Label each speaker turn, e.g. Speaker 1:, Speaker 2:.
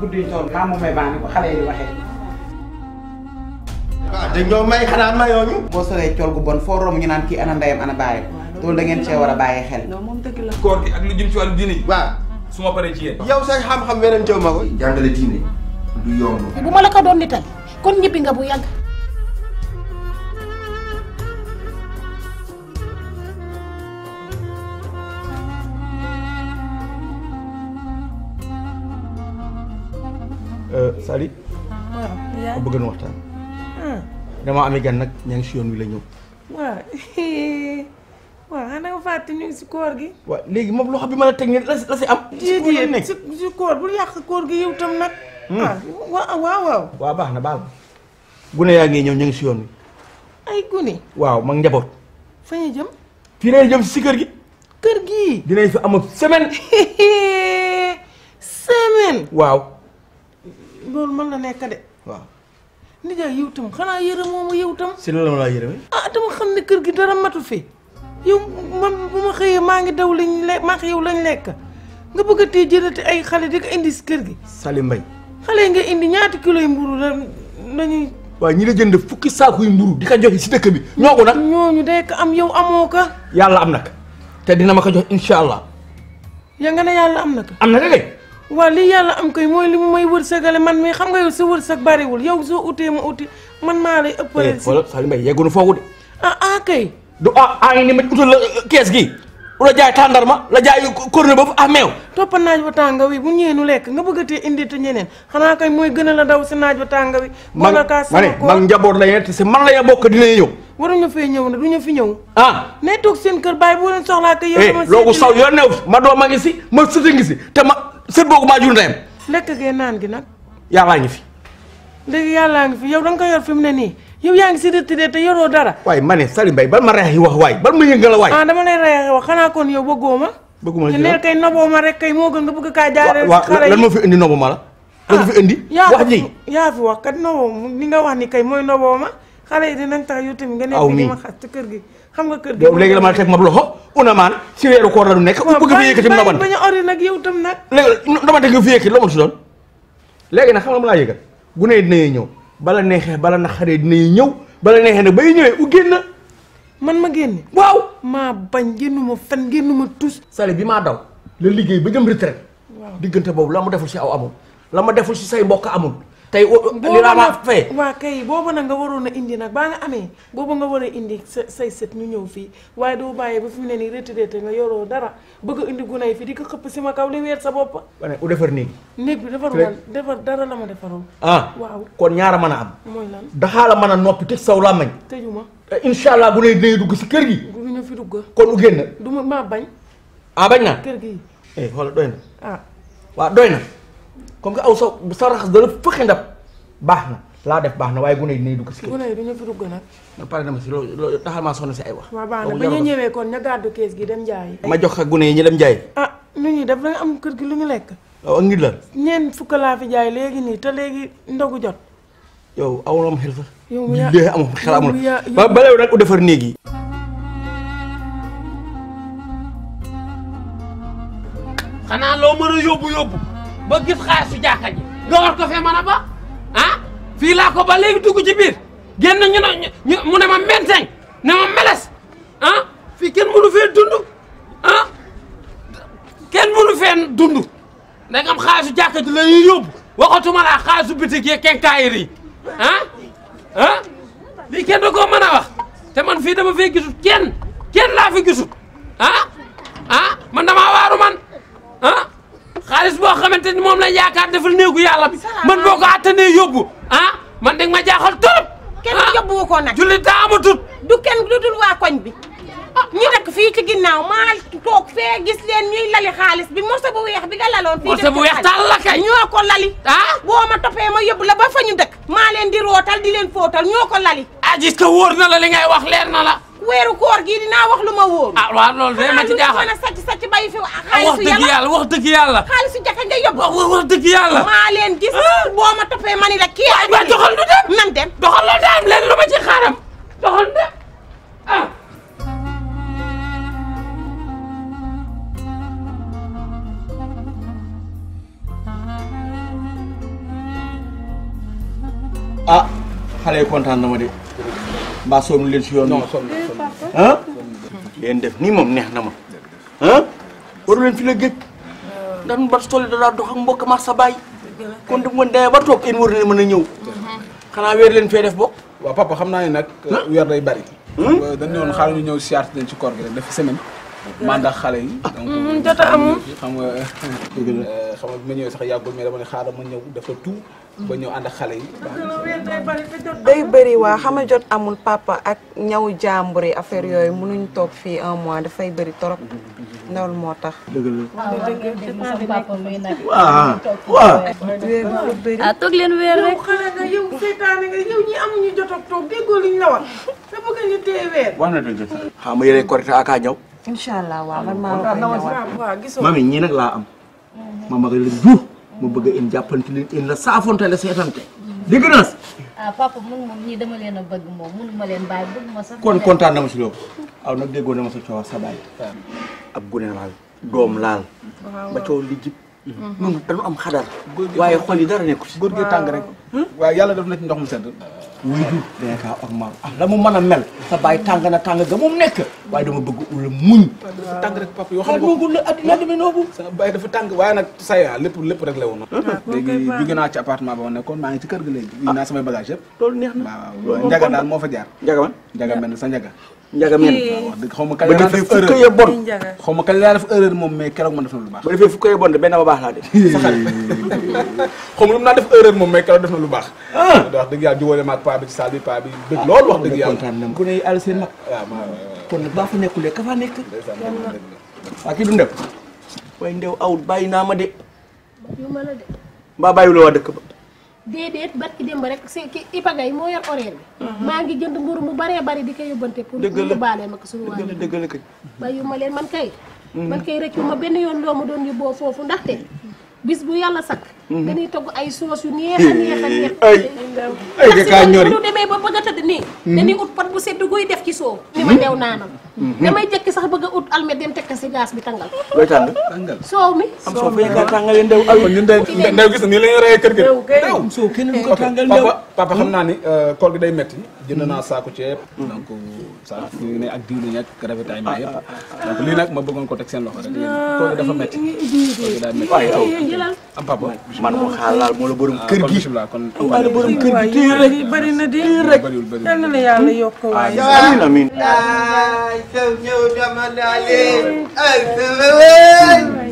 Speaker 1: guddi ñu toll maa moom may baax ni ko xale yi di waxee. waaw dañ ñoo may xanaa mayoo ñu. boo solee col gu bon foo romb ñu naan kii ana ndeyam ana bàyyam loolu da ngeen cee war a bàyyi xel. non moom dëgg la. koor gi ak lu jëm ci wàllu diine yi. waaw su ma paree ci yéen. yow sa xam-xam weneen teew ma ko. jàngale diine du yomb.
Speaker 2: bu ma la ko doon nital kon ñibbi nga bu yàgg. Euh, Sali. Ah, waaw bëgg na waxtaan. Ah.
Speaker 1: damaa amee gan nag ña ngi si yoon wi la ñëw.
Speaker 2: waaw waaw xanaa fàtte ñu si koor gi. waaw léegi moom loo bi ma a teg nii la la si am. si koor la nekk yàq koor gi yow tam nag. Hmm. Ah, waaw waaw waaw. baax na baal ma.
Speaker 1: gune yaa ngi ñëw ñu ngi si yoon wi. ay gune. waaw mag njaboot. fa jëm. fii lay jëm si kër gi. kër gi. dinañ fi am semaine.
Speaker 2: semaine. waaw. loolu mën na nekk de. waaw. nijaay yow tam xanaa yërëmoo ma yow tam. si
Speaker 1: la ma laa yërëmee.
Speaker 2: ah xam ne kër gi dara matu fi yow man bu maa ngi daw lañ le maa yow lañ lekk nga bëgg a tee jëlati ay xale di indi si kër gi. Sali Mbay. xale yi nga indi ñaati kilo yi mburu la nañuy.
Speaker 1: waaw ñi la jënd fukki saaku yu mburu di ka joxe si dëkk bi
Speaker 2: ñoo ko nag. ñooñu day ko am yow amoo ka
Speaker 1: yàlla am na ko te dina ma ko jox incha allah.
Speaker 2: yaa nga ne yàlla am na ko. am na ko kay. waaw lii yàlla am koy mooy li mu may wërsëgale man mii xam nga yow sa wërsëg bariwul yow soo utee ma uti man maa lay ëppale eh, si
Speaker 1: xoolal Saly Mbaye yeggunu foogu de
Speaker 2: ah ah kay du ah ah ngi ni ma utal la eh, kees gi la jaay tàndarma la jaay korne ba ah meew toppa tànga wi bu ñëwee nu lekk nga bëggatee indi te ñeneen xanaa kay mooy gën a la daw si naaj wa tànga wi boo la kaa sama
Speaker 1: ko mag njaboot la yeen te si man la ya bokk dinañ ñëw
Speaker 2: waruñu fee ñëw na duñu fi ñëw ah ne seen kër bàyyi boo leen soxlaa kay yow eh, loogu saw yoon
Speaker 1: new ma doom a ngi si ma suti ngi si te ma sët boobu maa jur ndeyam.
Speaker 2: lekk gee naan gi nag. yàllaa ngi fi. léegi yàllaa ngi fi yow da nga ko yor fi mu ne nii yow yaa ngi si retiré te yoroo dara.
Speaker 1: waaye ma ne Salim Mbaye bal ma reex yi wax waay bal
Speaker 2: ma yëngal waay. ah dama lay reex wax xanaa kon yow bëggoo ma. bëgguma ci yow kay noboo ma rek kay moo gën nga bëgg kaa jaaree. xale yi lan moo
Speaker 1: fi indi noboo ma la. lan moo ah, fi indi.
Speaker 2: yaa wax ji yaa fi wax kat noboo ni nga wax ni kay mooy noboo ma xale yi dinañ tax yow tamit nga nekk di ma xas kër gi xam nga kër gi yow léegi la ma
Speaker 1: teg ma loxo maan si weeru koor la nu nekk bëgg fi yëkkati na wan bañ
Speaker 2: a ori nag yow tam nag
Speaker 1: dama teg yow fi yëkkati loo si doon léegi nag xam nga mu laa yëgal dina yi ñëw bala neexee bala na xaree dinañuy ñëw bala neexee nag bay ñëwee u génn man ma génn waaw maa bañ génnuma fan ma tus sali bi maa daw la liggéey ba jëm retraite diggante boobu la mu deful si aw amul la ma deful si say mbokk amul tey li Rama fay
Speaker 2: waaw kay boobu na nga waroon a indi nag baa nga amee boobu nga war a indi sa say set ñu ñëw fii waaye doo bàyyee ba fi mu ne nii retraité nga yoroo dara bëgg indi gunay fi di ko xëpp si ma kaw li weer sa bopp.
Speaker 1: ba ne u defar néeg.
Speaker 2: néeg bi defar woon defar dara la ma defaroon. ah waaw
Speaker 1: kon ñaara mën a am. mooy lan daxaala man a noppi tëj saw làmmañ. tëjuma eh, incha allah gunay dinañ dugg si kër
Speaker 2: gi. dinañ fi dugg. kon u génn. du ma maa bañ. ah bañ na kër gi.
Speaker 1: eh xoolal doy na. ah doy na. comme que aw sa sa raxas dala fëqi ndab baax na laa def baax na waaye gune yi dinañ dugg si kër gune
Speaker 2: yi duñu fi dugg nag
Speaker 1: nga pare dama si loolu taxal maa sonn
Speaker 2: si ay wax waaw baax na ba ñu ñëwee kon ña gàddu kees gi dem jaayi
Speaker 1: ma jox ak gune yi ñu dem jaayi
Speaker 2: ah nu ñuy def danga am kër gi lu ñu lekk waaw ak ngir lan ñeen fukk laa fi jaay léegi nii te léegi ndogu jot
Speaker 1: yow awlom xel sax
Speaker 2: lée amul xel amul ba balew nag u defar néeg yi loo mën a yóbbu ba gis xaalisu jàkka ji nga war ko fee mën a ba a ah fii laa ko ba léegi dugg ci biir génn ñu ne ñu mu ne ma menteñ ne ma meles ah fii kenn mënu fee dund ah kenn mënu fee dund da nga am xaalisu jàkka ji la ñuy yóbbu waxatuma laa xaalisu bitig yi kenkaayir yi ah ah lii kenn da koo mën a wax te man fii dama fee gisut kenn kenn laa fi gisut ah ah man dama loo xamante ni moom lañ yaakaar defal néegu yàlla bi man a ko attanee yóbbu ah man danga ma jaaxal trop. kenn ah, yóbbuwu ko nag julli daa amatut du kenn du dul waa koñ bi ah. ñu dëkk fii ci ginnaaw maa toog fee gis leen ñuy lali xaalis bi morso bu weex bi nga laloon fii morso weex taal la kay ñoo ko lali ah boo ma toppee la ba fa ñu dëkk maa leen di rootal di leen ko lali a ah, gis ko wóor na la li ngay wax leer na la weeru koor gii na wax lu ma wóor a waaw loolu de ma ci jaaxal xanaa lu a xaalisu yàlla wax dëgg yàlla wax dëgg de yóbbu. waaw wax dëgg yàlla. maa leen gis. Ah. boo ma toppee ma ni la kii. doxal du dem nan dem. doxal la dem leen lu ma ci xaaram doxal du dem ah. Ah,
Speaker 1: nii moom neex na ma ah waru leen fi la daan bat tool yi da daa dox ak mbokk ma sa baay kon du ma demee ba toog yéen war nañ mën a ñëw xanaa weer leen fee def bokk waaw papa xam naa ne nag weer day bari hmm? dañ ñëwoon xaaral ñu ñëw siyaat leen ci koor gi rek def semaine mandat xale yi.
Speaker 2: donc mm-hmm, jot a am
Speaker 1: xam nga euh, sax yàggul mais dama ne xaaral ma ñëw dafa tu ba ñëw ànd xale yi.
Speaker 2: day bëri waa xam jot amul papa ak ñaw jàmbur yi affaire yooyu mënuñ toog fii un mois dafay bëri torop loolu moo tax. dëgg la waaw ah, ah, toog leen weer rek. xale nga yow ñi amuñu jot a toog déggoo liñ la nga
Speaker 1: bëgg xam nga yéen a korite ak
Speaker 2: incha allah waaw mami ñii nag laa am. ma
Speaker 1: magal leen du ma bëgg a in jàppante leen in la saafonte la seetante. dégg
Speaker 2: naa si. Ah, papa mun moom ñii dama leen a bëgg moom munuma leen bàyyi bëgguma sax. kon kontaan
Speaker 1: na ma si loolu. aw nag déggoo na ma sa coow sa bàyyi. ab gune laal doom laal. ba coow li jib. moom dañu am xadar. waaye xol yi dara nekkul si. góor gi tàng rek. waaye yàlla def na ci ndox mu sedd. wuy jur day kaa ormal ah la mu a tàng moom nekk waaye dama bëgg ula muñ dafa tàng rek papa yoo xam ne addina demee noobu sa tàng waaye nag sa yaa lépp lépp rek la ah, naa ci appartement ba ma nekkoon maa ngi ci kër ga léegi ah. naa samay bagage yëpp loolu neex na waaw waaw moo fa jaar njaga man njaga mel sa njaga njaga men eh. waaw dëgg xaw ma kañ laa def erreur xaw ma kañ laa def erreur moom mais keroog ma na lu baax. ba defee fukkee bon de benn ba baax laa def. xaw ma moom mais keroog def lu baax. Ah. wax dëgg yàlla jubóole ma ak lool wax dëgg yàlla kontaan na ku ne baa nekk. waaw kii du ndew. waaye ndew bàyyi naa ma de. mbaa bàyyiwuloo waa dëkk ba.
Speaker 2: déedéet barki démb rek si ki ipagay moo yor horaire bi mhm. maa ngi jënd mburu mu baree bari di ko yóbbante pour ñu baale ma ko suñu waa dëgg la kay bàyyu ma leen man kay mhm. man kay rëccu ma benn yoon loo ma doon yóbboo foofu ndaxte mhm. bis bu yàlla sakk dañuy togg ay soos yu neex a neex ay ay ga kaa ñori parce que demee ba bëgg a tëdd nii. dañuy ut pot bu sedd guy def ci soow. ni ma deew naanam. damay jekki sax bëgg a ut almet dem teg ko si gaz bi tàngal. looy
Speaker 1: tàng tàngal
Speaker 2: soow mi. am soow mi nga tàngalee ndew al. kon ñun de ndew gis ni kër gi. ndew
Speaker 1: kay ndew xam naa ni koor gi day metti. jënd naa saako ceeb. donc saa yu ne ak diw li nekk ravitaillement yëpp. lii nag ma bëggoon ko teg seen loxo rek. koor gi dafa metti koor gi daa metti waaye papa man ko xaar laal moo la borom ah, kër gi kon moo la borom kër gi téye
Speaker 2: rek bari na di rek yal na la yàlla yokk ah, waaye amiin amiin ay saw ñëw dama naa leen ay saw